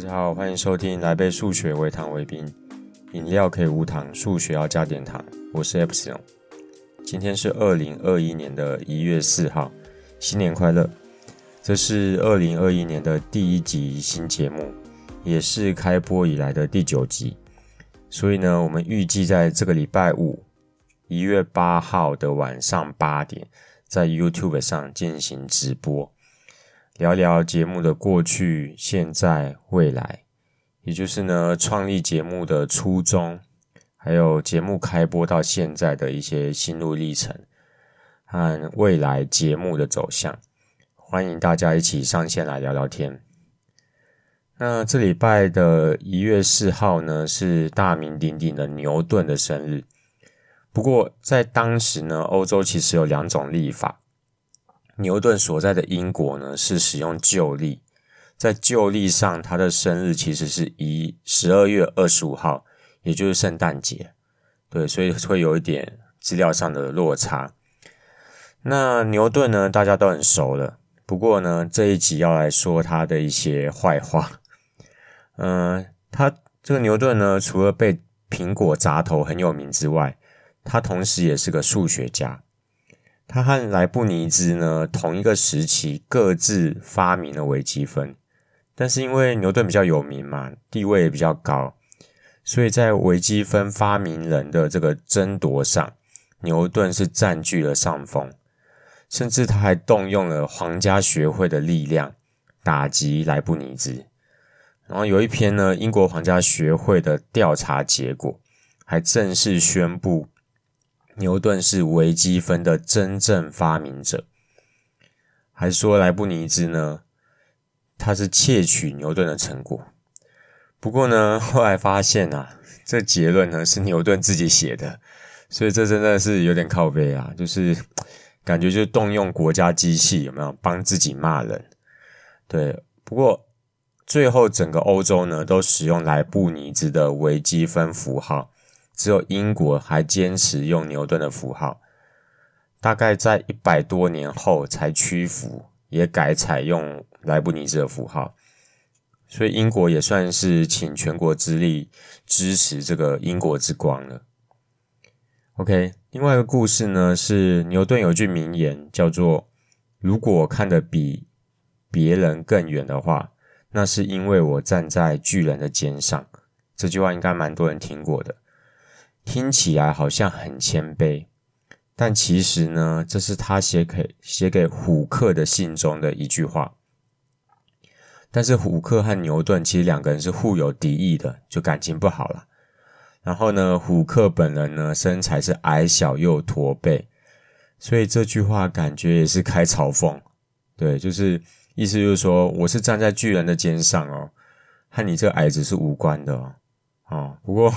大家好，歡迎收聽來杯數學微糖微冰，飲料可以無糖，數學要加點糖。我是 Epsilon，今天是二零二一年的一月四號，新年快樂！這是二零二一年的第一集新節目，也是開播以來的第九集，所以呢，我們預計在這個禮拜五一月八號的晚上八點，在 YouTube 上進行直播。聊聊節目的過去、現在、未來，也就是呢，創立節目的初衷，還有節目開播到現在的一些心路歷程，和未來節目的走向。歡迎大家一起上線來聊聊天。那這禮拜的一月四號呢，是大名鼎鼎的牛頓的生日。不過在當時呢，歐洲其實有兩種曆法。牛頓所在的英國呢，是使用舊歷，在舊歷上他的生日其實是一十二月二十五號，也就是聖誕節。對，所以會有一點資料上的落差。那牛頓呢，大家都很熟了。不過呢，這一集要來說他的一些壞話。嗯，他這個牛頓呢，除了被蘋果砸頭很有名之外，他同時也是個數學家。他和萊布尼茲呢，同一個時期各自發明了微積分，但是因為牛頓比較有名嘛，地位也比較高，所以在微積分發明人的這個爭奪上，牛頓是佔據了上風，甚至他還動用了皇家學會的力量打擊萊布尼茲。然後有一篇呢，英國皇家學會的調查結果，還正式宣布，牛頓是微積分的真正發明者，還說萊布尼茲呢，他是竊取牛頓的成果。不過呢，後來發現啊，這結論呢是牛頓自己寫的，所以這真的是有點靠背啊，就是感覺就是動用國家機器有沒有幫自己罵人？對，不過最後整個歐洲呢都使用萊布尼茲的微積分符號。只有英國還堅持用牛頓的符號，大概在一百多年後才屈服，也改採用萊布尼茲的符號。所以英國也算是傾全國之力支持這個“英國之光”了。OK，另外一個故事呢是牛頓有句名言叫做：“如果我看得比別人更遠的話，那是因為我站在巨人的肩上。”這句話應該蠻多人聽過的。聽起來好像很謙卑，但其實呢，這是他寫給寫給虎克的信中的一句話。但是虎克和牛頓其實兩個人是互有敵意的，就感情不好了。然後呢，虎克本人呢身材是矮小又駝背，所以這句話感覺也是開嘲諷，對，就是意思就是說我是站在巨人的肩上哦，和你這個矮子是無關的哦。哦，不過。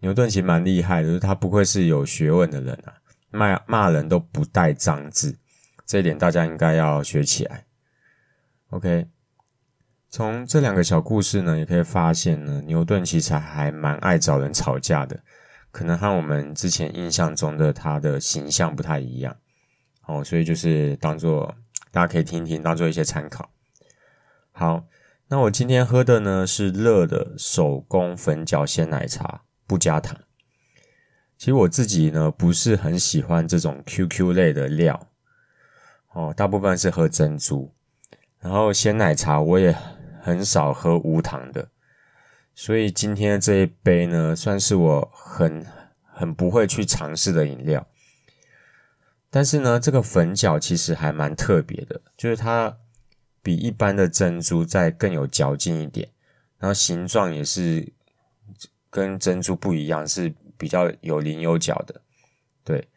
牛頓其實蠻厲害的，就是，他不愧是有學問的人啊。罵罵人都不帶髒字，這一點大家應該要學起來。OK，從這兩個小故事呢，也可以發現呢，牛頓其實還蠻愛找人吵架的，可能和我們之前印象中的他的形象不太一樣。哦，所以就是當做大家可以聽聽，當做一些參考。好，那我今天喝的呢是熱的手工粉角鮮奶茶。不加糖。其實我自己呢不是很喜歡這種 QQ 類的料，哦，大部分是喝珍珠，然後鮮奶茶我也很少喝無糖的，所以今天的這一杯呢算是我很很不會去嘗試的飲料。但是呢，這個粉角其實還蠻特別的，就是它比一般的珍珠再更有嚼勁一點，然後形狀也是。跟珍珠不一樣，是比較有稜有角的，對，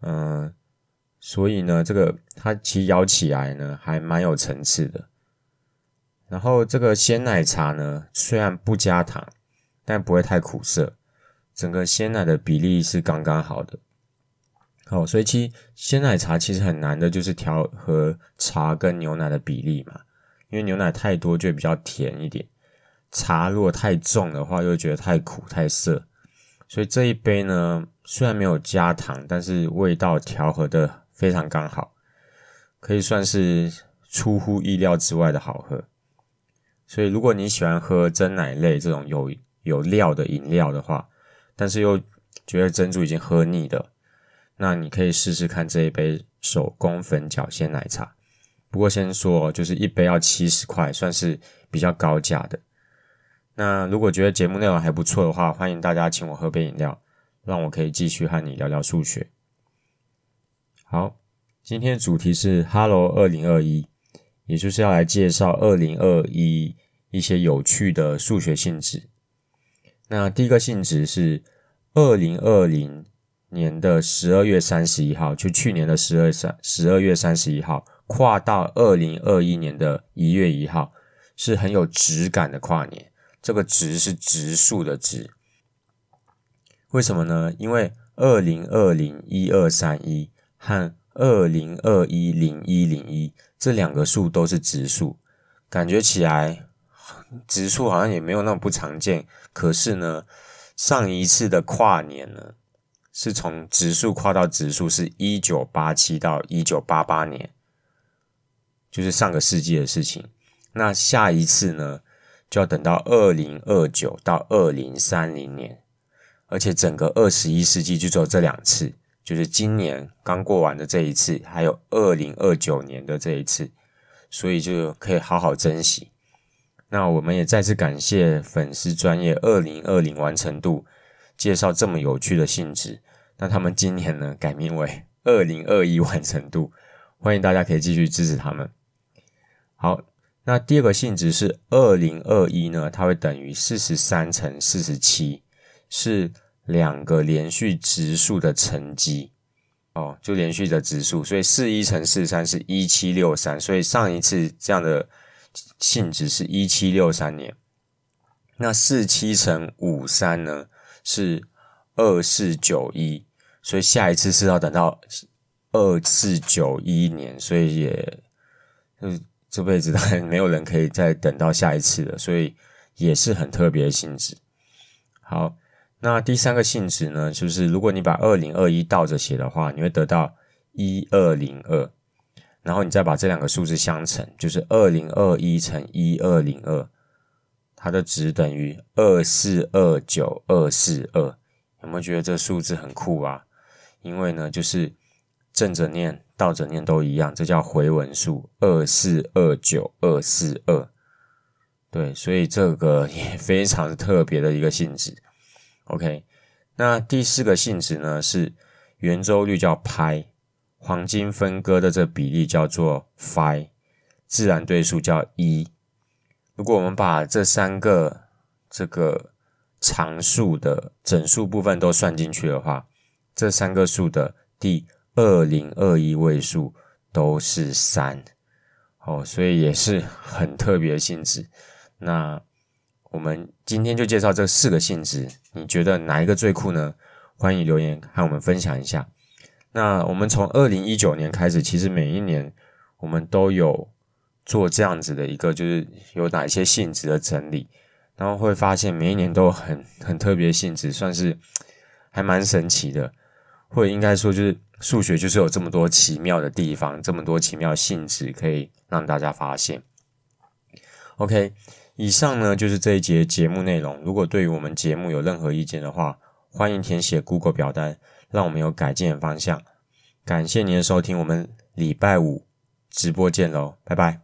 嗯、呃，所以呢，這個它其實咬起來呢，還蠻有層次的。然後這個鮮奶茶呢，雖然不加糖，但不會太苦澀，整個鮮奶的比例是剛剛好的。好，所以其實鮮奶茶其實很難的，就是調和茶跟牛奶的比例嘛，因為牛奶太多就比較甜一點。茶如果太重的話，又覺得太苦太澀，所以這一杯呢，雖然沒有加糖，但是味道調和得非常剛好，可以算是出乎意料之外的好喝。所以如果你喜歡喝珍奶類這種有有料的飲料的話，但是又覺得珍珠已經喝膩了，那你可以試試看這一杯手工粉角鮮奶茶。不過先說，就是一杯要七十塊，算是比較高價的。那如果覺得節目內容還不錯的話，歡迎大家請我喝杯飲料，讓我可以繼續和你聊聊數學。好，今天的主題是 “Hello 二零二一”，也就是要來介紹二零二一一些有趣的數學性質。那第一個性質是二零二零年的十二月三十一號，就去年的十二三十二月三十一號，跨到二零二一年的一月一號，是很有質感的跨年。這個質是質數的質，為什麼呢？因為二零二零一二三一和二零二一零一零一這兩個數都是質數，感覺起來質數好像也沒有那麼不常見。可是呢，上一次的跨年呢，是從質數跨到質數，是一九八七到一九八八年，就是上個世紀的事情。那下一次呢？就要等到二零二九到二零三零年，而且整個二十一世紀就只有這兩次，就是今年剛過完的這一次，還有二零二九年的這一次，所以就可以好好珍惜。那我們也再次感謝粉絲專頁二零二零完成度介紹這麼有趣的性質。那他們今年呢，改名為二零二一完成度，歡迎大家可以繼續支持他們。好。那第二個性質是二零二一呢，它會等於四十三乘四十七，是兩個連續質數的乘積，哦，就連續的質數，所以四一乘四三是一七六三，所以上一次這樣的性質是一七六三年。那四七乘五三呢是二四九一，所以下一次是要等到二四九一年，所以也，嗯。這輩子當然沒有人可以再等到下一次了，所以也是很特別的性質。好，那第三個性質呢，就是如果你把二零二一倒着寫的話，你會得到一二零二，然後你再把這兩個數字相乘，就是二零二一乘一二零二，2, 它的值等於二四二九二四二。有沒有覺得這數字很酷啊？因為呢，就是正着念。倒著念都一樣，這叫回文數，二四二九二四二，對，所以這個也非常特別的一個性質。OK，那第四個性質呢，是圓周率叫派，黃金分割的這比例叫做 Phi。自然對數叫 e，如果我們把這三個這個常數的整數部分都算進去的話，這三個數的第。二零二一位數都是三。哦，所以也是很特別的性質。那我們今天就介紹這四個性質，你覺得哪一個最酷呢？歡迎留言和我們分享一下。那我們從二零一九年開始，其實每一年我們都有做這樣子的一個，就是有哪一些性質的整理，然後會發現每一年都很很特別的性質，算是還蠻神奇的，或者應該說就是。數學就是有這麼多奇妙的地方，這麼多奇妙的性質可以讓大家發現。OK，以上呢就是這一節節目內容。如果對於我們節目有任何意見的話，歡迎填寫 Google 表單，讓我們有改進的方向。感謝您的收聽，我們禮拜五直播，見嘍，拜拜。